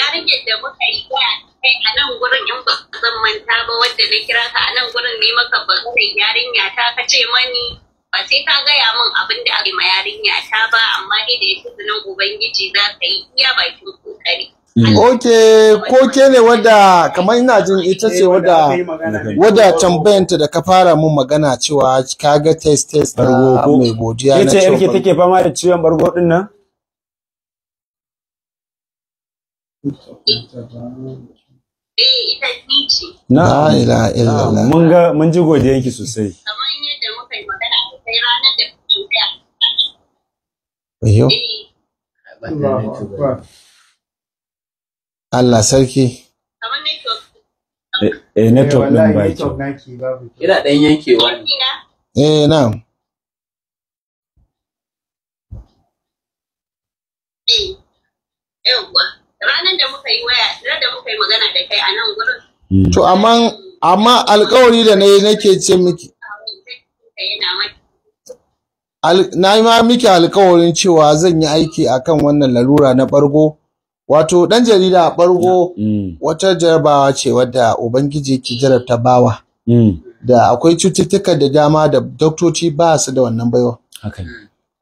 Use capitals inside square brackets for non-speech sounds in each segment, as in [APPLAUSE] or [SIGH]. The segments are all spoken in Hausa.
yarinyar da muka yi waya kai a nan gurin in ba zan manta ba wadda na kira ka a nan gurin ne maka ba yarinya ta ka ce mani ba sai ka gaya min abin da aka ma yarinya ta ba amma dai da yake sunan ubangiji za ka yi iya bakin kokari mm. Ok, ko ne wadda kamar ina jin ita ce wadda eh, tambayanta da ka fara mun magana cewa ka ga test test na mai godiya na cewa. Ita yarki take fama da ciwon bargo din Eh, ila Mun ji sosai. Kamar yadda muka yi magana eh. Allah sarki. Kamar network. Eh, eh network din baki. Ina dan yankewa ne. Eh na'am. kai hmm. to amma amma alƙawari da nayi nake ce miki na yi ma miki alkawarin cewa zan yi aiki akan wannan lalura na bargo wato ɗan jarida a bargo hmm. wata jarabawa ce wadda ubangiji ke jarabta bawa hmm. da akwai cututtuka da dama da doktoci ba su da wannan baiwa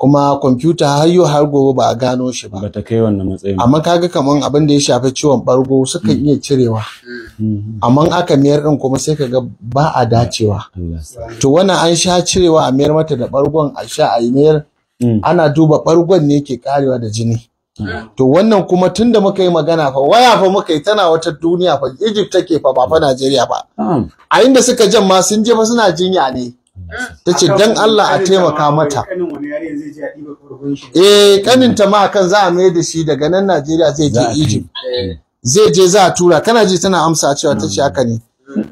kuma kwamfuta har har gobe ba a gano shi ba. Bata kai wannan matsayin. Amma kaga kaman abin da ya shafi ciwon bargo sukan mm. iya cirewa. Mm-hmm. Amma aka miyar din kuma sai kaga ba a dacewa. To wannan an sha cirewa a miyar mata da bargon a sha a miyar mm. ana duba bargon ne ke karewa da jini. Mm. To wannan kuma tunda muka yi magana fa waya fa muka yi tana wata duniya fa Egypt take fa ba fa Najeriya ba. A inda suka jan ma sun je fa suna jinya ne. ta ce don Allah a taimaka mata eh kaninta ma kan za a mai da shi daga nan Najeriya zai je Egypt eh. zai je za a tura kana ji tana amsa cewa ta ce hmm. haka ne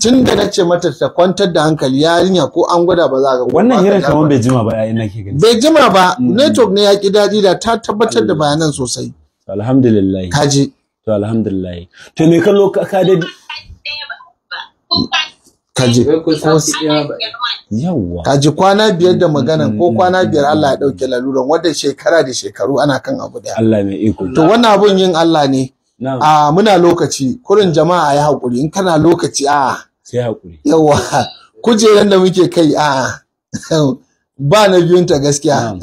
tun da na ce mata ta kwantar da hankali yarinya ko an gwada ba za ga wannan hirar kamar bai jima ba yayin nake gani bai jima ba hmm. network ne ya ki dadi da ta tabbatar da bayanan sosai alhamdulillah kaji to alhamdulillah to me kallo ka da kaji yawa kaji kwana biyar da magana ko kwana biyar Allah ya dauke laluran wadda shekara da shekaru ana kan abu da Allah mai iko to wannan abun yin Allah ne a muna lokaci kurin jama'a ya hakuri in kana lokaci a sai hakuri yawa kujeran da muke kai a ba na biyun ta gaskiya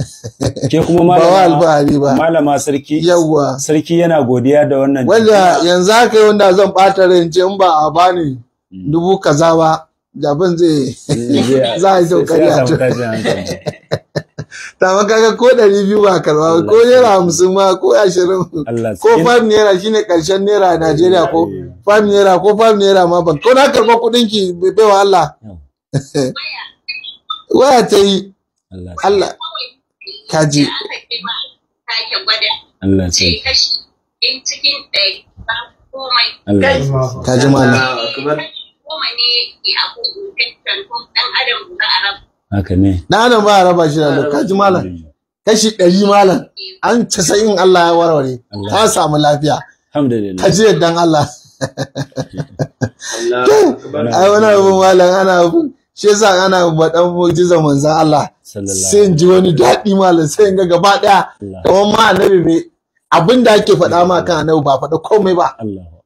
ke kuma malama ba malama sarki yawa sarki yana godiya da wannan wanda yanzu haka yi wanda zan bata rance in ba a bani Mm. dubu kaza ba da ban zai eh, [LAUGHS] za a yi saukari a [LAUGHS] ta maka ga ko ɗari biyu ba karba ko naira hamsin ma ko ashirin ko fam naira shine karshen naira a eh, Najeriya ko eh. fam naira ko fam naira ma ban ko na karba kuɗin ki bai wa Allah oh. [LAUGHS] waya ta yi Allah kaji Allah sai in cikin ɗari Allah ta ji haka ne dan adam ba raba shi da ka ji malam kashi ɗari malam an in Allah ya warware ta samu lafiya alhamdulillah ka ji yaddan Allah ai wani abu malam ana abu shi yasa ana baɗan mu'jizar manzon Allah sai in ji wani daɗi malam sai in ga gaba ɗaya kamar ma annabi abin da ake faɗa ma kan annabi ba faɗa komai ba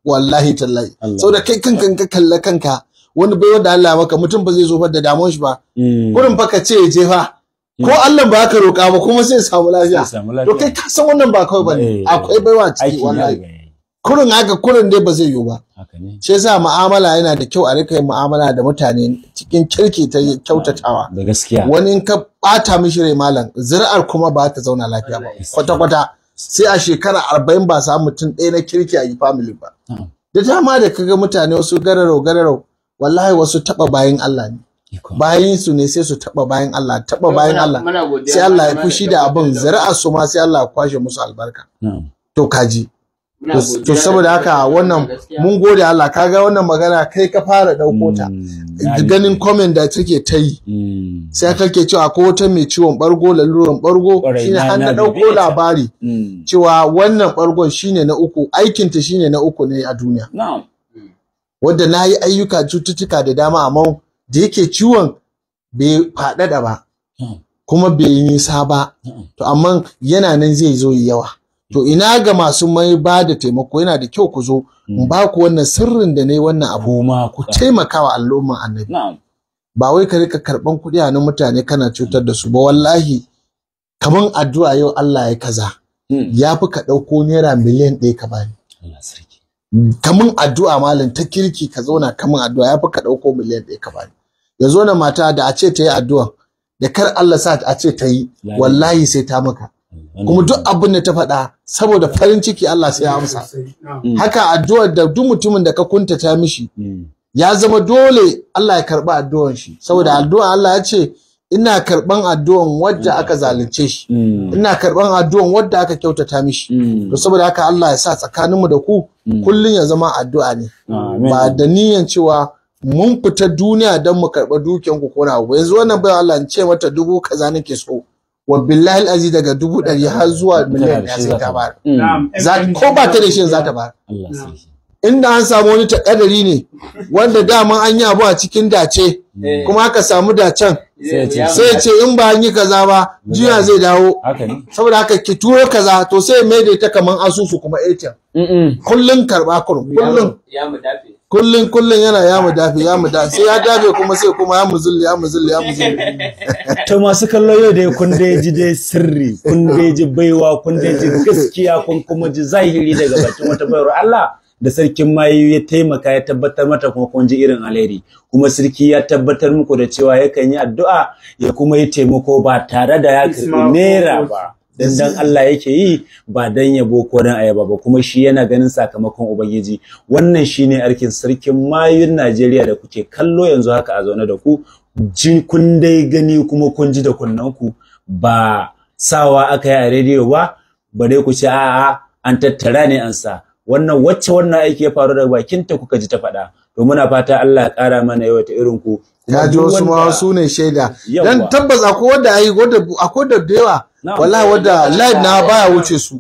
wallahi tallahi saboda kai kanka ka kalla kanka wani bai da Allah maka mutum ba zai zo da damuwar shi ba gurin mm. fa ka ce ya je fa ko mm. Allah ba ka roƙa ba kuma sai samu lafiya to kai ka san wannan ba kawai bane eh. akwai baiwa ciki wallahi kurin haka kurin dai ba zai yiwu ba shi yasa mu'amala yana da kyau a rika yin mu'amala da mutane cikin kirki ta kyautatawa da gaskiya wani ka bata mishi rai malam ziraar kuma ba ta zauna lafiya ba kwata kwata sai a shekara arba'in ba samu mutum ɗaya na kirki a yi family ba hmm. da dama da kaga mutane wasu gararau gararau wallahi wasu taɓa bayan Allah ne bayan su ne sai su taɓa bayan Allah taɓa bayan Allah sai Allah ya fushi da abin zara'a su ma sai Allah ya kwashe musu albarka hmm. to kaji to saboda haka wannan mun gode Allah kaga wannan magana kai ka fara dauko ta hmm, ganin comment da take ta yi hmm. sai kake cewa ko wata mai ciwon bargo laluran bargo shine an dauko labari hmm. cewa wannan bargon shine na uku aikin ta shine na uku ne a duniya wanda nayi ayyuka cututtuka da dama amma da yake ciwon bai faɗaɗa ba kuma bai nisa ba to amma yana nan zai zo yi yawa to ina ga masu mai ba da taimako yana da kyau ku zo hmm. in ba ku wannan sirrin da ne wannan abu ku taimaka wa al'umma annabi ba wai ka rika karban kuɗi a nan mutane kana cutar da su ba wallahi kaman addu'a yau Allah ya kaza hmm. ya fi ka ɗauko naira miliyan ɗaya ka bani kaman addu'a malam ta kirki ka zauna kaman addu'a ya fi ka ɗauko miliyan ɗaya ka bani ya zo na mata da a ce ta yi addu'a da kar Allah sa a ce ta yi wallahi sai ta maka kuma duk abin da ta faɗa saboda farin ciki Allah sai ya amsa haka addu'ar da duk mutumin da ka kunta ta mishi hmm. ya zama dole Allah ya karɓi addu'ar shi saboda addu'a Allah ya ce ina karban addu'an wadda aka zalunce shi hmm. ina karban addu'an wadda aka kyautata mishi hmm. to saboda haka Allah ya sa tsakaninmu da ku kullun ya zama addu'a ne ba da niyan cewa mun fita duniya don mu karɓa dukiyan ku ko na yanzu wannan bai Allah ce mata dubu kaza nake so wa al aziz daga dubu ɗari har zuwa miliyan ɗaya sai ta bayar mm. ko ba ta da shi za ta bar. inda an samu wani takadari ne wanda dama an yi abu a cikin dace eh. kuma aka samu dacen sai ya ce in ba an yi kaza ba jiya zai dawo saboda haka ki turo kaza to sai mai maida ita kaman asusu kuma ATM kullun karba kurum kullun ya mu dafe kullum kullum yana ya mu dafe ya mu dafe sai ya dafe kuma sai kuma ya mu zulli ya mu zulli ya mu zulli [LAUGHS] to masu kallo yau dai kun dai ji dai sirri kun dai ji baiwa kun dai ji gaskiya kun kuma ji zahiri daga bakin wata baiwar Allah da sarkin mayu ya taimaka ya tabbatar mata kuma kun ji irin alheri kuma sarki ya tabbatar muku da cewa yakan yi addu'a ya kuma yi taimako ba tare da ya karɓi naira ba dan dan Allah yake yi ba dan yabo ko dan ayaba ba kuma shi yana ganin sakamakon ubangiji wannan shine arkin sarkin mayun Najeriya da kuke kallo yanzu haka a zaune da ku jin kun dai gani kuma kun ji da ku ba sawa aka yi a rediyo ba ba dai ku ce a'a an tattara ne an sa wannan wacce wannan aiki ya faru da bakinta kuka ji ta faɗa to muna fata Allah ya kara mana yau ta irin ku ya ji wasu ma su ne shaida dan tabbas akwai wanda ayi wanda akwai da yawa wallahi wanda live na baya wuce su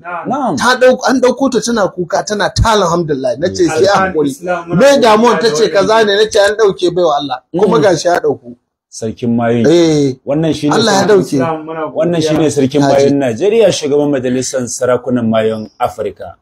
ta dauko an dauko ta tana kuka tana ta alhamdulillah nace sai hakuri me damuwa tace kaza ne nace an dauke baiwa Allah kuma mm. gashi ya dauko sarkin mayun eh. wannan shine Allah ya dauke wannan shine sarkin mayun Najeriya shugaban majalisar sarakunan mayun Afirka